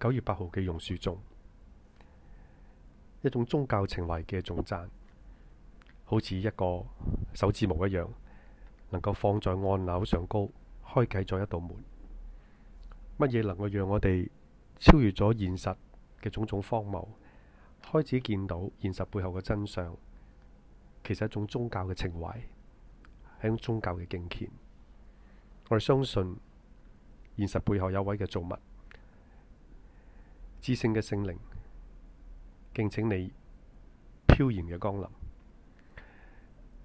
九月八號嘅榕樹中，一種宗教情懷嘅頌讚，好似一個手指模一樣，能夠放在按鈕上高，開啟咗一道門。乜嘢能夠讓我哋超越咗現實嘅種種荒謬，開始見到現實背後嘅真相？其實一種宗教嘅情懷，係一種宗教嘅敬虔。我哋相信現實背後有位嘅造物。知性嘅聖靈，敬請你飄然嘅光臨，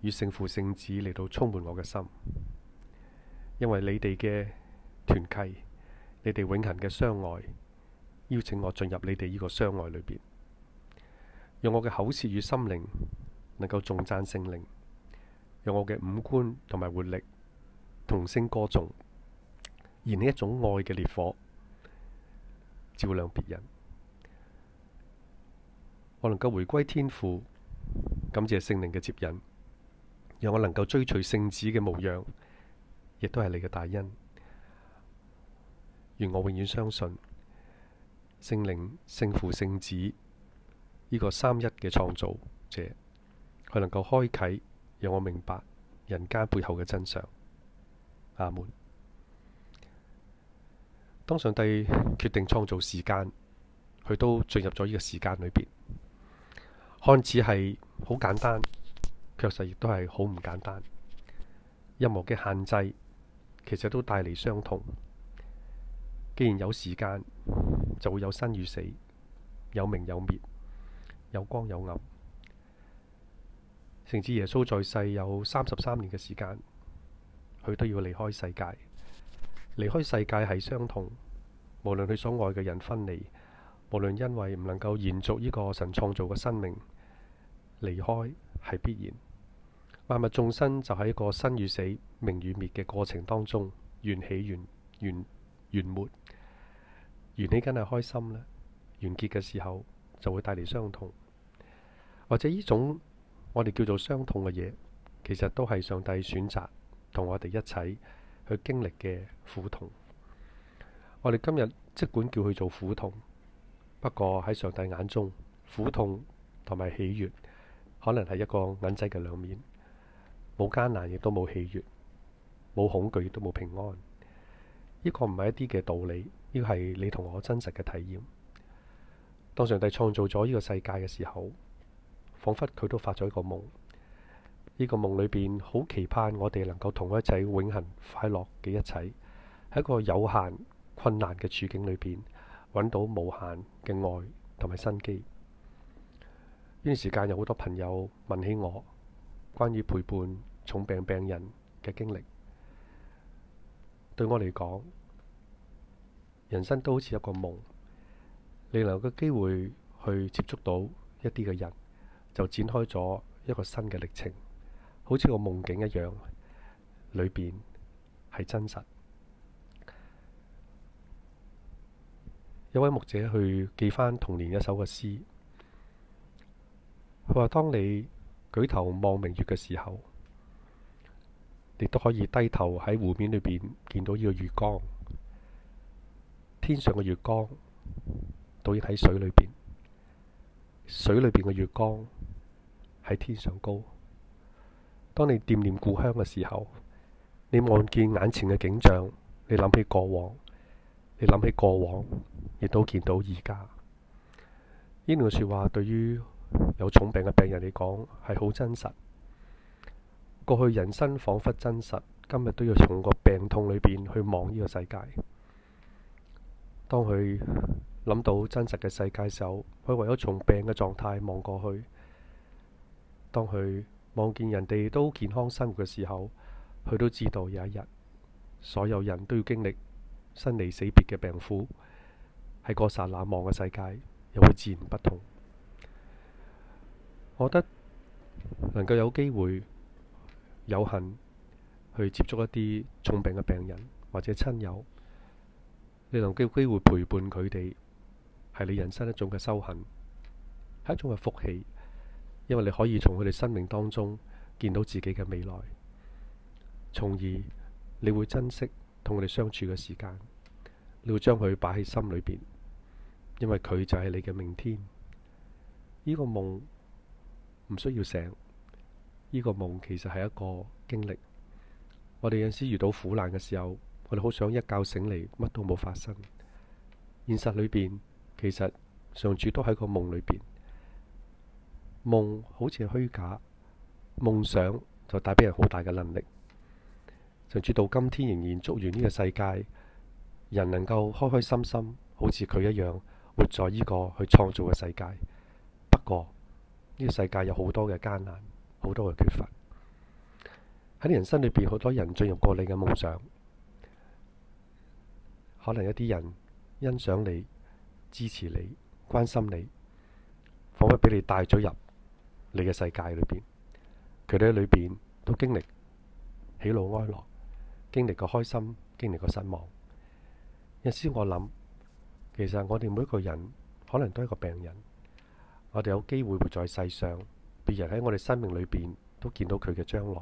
與聖父聖子嚟到充滿我嘅心，因為你哋嘅團契，你哋永恆嘅相愛，邀請我進入你哋呢個相愛裏邊，用我嘅口舌與心靈能夠重讚聖靈，用我嘅五官同埋活力同聲歌頌，而呢一種愛嘅烈火。照亮別人，我能夠回歸天父，感謝聖靈嘅接引，讓我能夠追隨聖子嘅模樣，亦都係你嘅大恩。願我永遠相信聖靈、聖父、聖子呢個三一嘅創造者，佢能夠開啟，讓我明白人間背後嘅真相。阿門。當上帝決定創造時間，佢都進入咗呢個時間裏邊，看似係好簡單，確實亦都係好唔簡單。任何嘅限制，其實都帶嚟傷痛。既然有時間，就會有生與死，有明有滅，有光有暗。聖子耶穌在世有三十三年嘅時間，佢都要離開世界。離開世界係傷痛，無論佢所愛嘅人分離，無論因為唔能夠延續呢個神創造嘅生命，離開係必然。萬物眾生就喺一個生與死、明與滅嘅過程當中，緣起緣緣緣沒，緣起梗係開心啦，完結嘅時候就會帶嚟傷痛，或者呢種我哋叫做傷痛嘅嘢，其實都係上帝選擇同我哋一齊。去經歷嘅苦痛，我哋今日即管叫佢做苦痛，不過喺上帝眼中，苦痛同埋喜悅可能係一個銀仔嘅兩面，冇艱難亦都冇喜悅，冇恐懼亦都冇平安，呢個唔係一啲嘅道理，呢個係你同我真實嘅體驗。當上帝創造咗呢個世界嘅時候，仿佛佢都發咗一個夢。呢個夢裏邊，好期盼我哋能夠同佢一齊永恆快樂嘅一切，喺一個有限困難嘅處境裏邊，揾到無限嘅愛同埋生機。呢段時間有好多朋友問起我關於陪伴重病病人嘅經歷，對我嚟講，人生都好似一個夢，你留個機會去接觸到一啲嘅人，就展開咗一個新嘅歷程。好似個夢境一樣，裏邊係真實。有位牧者去記返童年一首嘅詩，佢話：當你舉頭望明月嘅時候，你都可以低頭喺湖面裏邊見到呢個月光。天上嘅月光，倒影喺水裏邊；水裏邊嘅月光，喺天上高。當你惦念故鄉嘅時候，你望見眼前嘅景象，你諗起過往，你諗起過往，亦都見到而家。呢段說話對於有重病嘅病人嚟講係好真實。過去人生仿佛真實，今日都要從個病痛裏邊去望呢個世界。當佢諗到真實嘅世界時候，佢唯有從病嘅狀態望過去。當佢。望見人哋都健康生活嘅時候，佢都知道有一日，所有人都要經歷生離死別嘅病苦，喺個剎那望嘅世界又會自然不同。我覺得能夠有機會有幸去接觸一啲重病嘅病人或者親友，你能夠有機會陪伴佢哋，係你人生一種嘅修行，係一種嘅福氣。因為你可以從佢哋生命當中見到自己嘅未來，從而你會珍惜同佢哋相處嘅時間，你會將佢擺喺心裏邊，因為佢就係你嘅明天。呢個夢唔需要醒，呢個夢其實係一個經歷。我哋有陣時遇到苦難嘅時候，我哋好想一覺醒嚟，乜都冇發生。現實裏邊其實常處都喺個夢裏邊。夢好似係虛假，夢想就帶俾人好大嘅能力，甚至到今天仍然祝願呢個世界，人能夠開開心心，好似佢一樣活在呢個去創造嘅世界。不過呢個世界有好多嘅艱難，好多嘅缺乏喺你人生裏邊，好多人進入過你嘅夢想，可能有啲人欣賞你、支持你、關心你，仿佛俾你帶咗入。你嘅世界裏邊，佢哋喺裏邊都經歷喜怒哀樂，經歷過開心，經歷過失望。有時我諗，其實我哋每一個人可能都係一個病人，我哋有機會活在世上，別人喺我哋生命裏邊都見到佢嘅將來，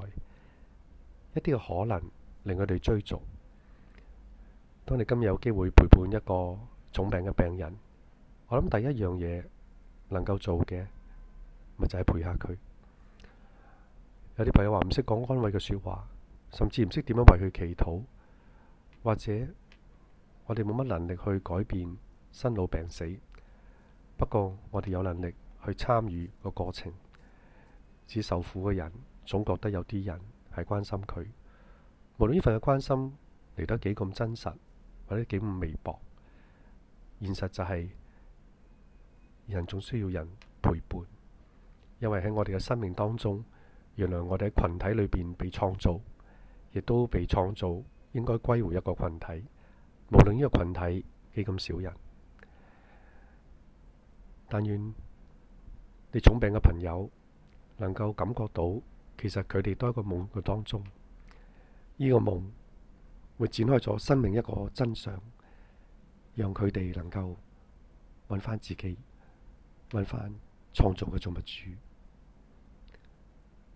一啲嘅可能令佢哋追逐。當你今日有機會陪伴一個重病嘅病人，我諗第一樣嘢能夠做嘅。咪就係陪下佢。有啲朋友話唔識講安慰嘅說話，甚至唔識點樣為佢祈禱，或者我哋冇乜能力去改變生老病死。不過我哋有能力去參與個過程，只受苦嘅人總覺得有啲人係關心佢。無論呢份嘅關心嚟得幾咁真實，或者幾咁微薄，現實就係人仲需要人陪伴。因為喺我哋嘅生命當中，原來我哋喺群體裏邊被創造，亦都被創造，應該歸回一個群體。無論呢個群體幾咁少人，但願你重病嘅朋友能夠感覺到，其實佢哋都喺個夢嘅當中。呢、這個夢會展開咗生命一個真相，讓佢哋能夠揾翻自己，揾翻創造嘅造物主。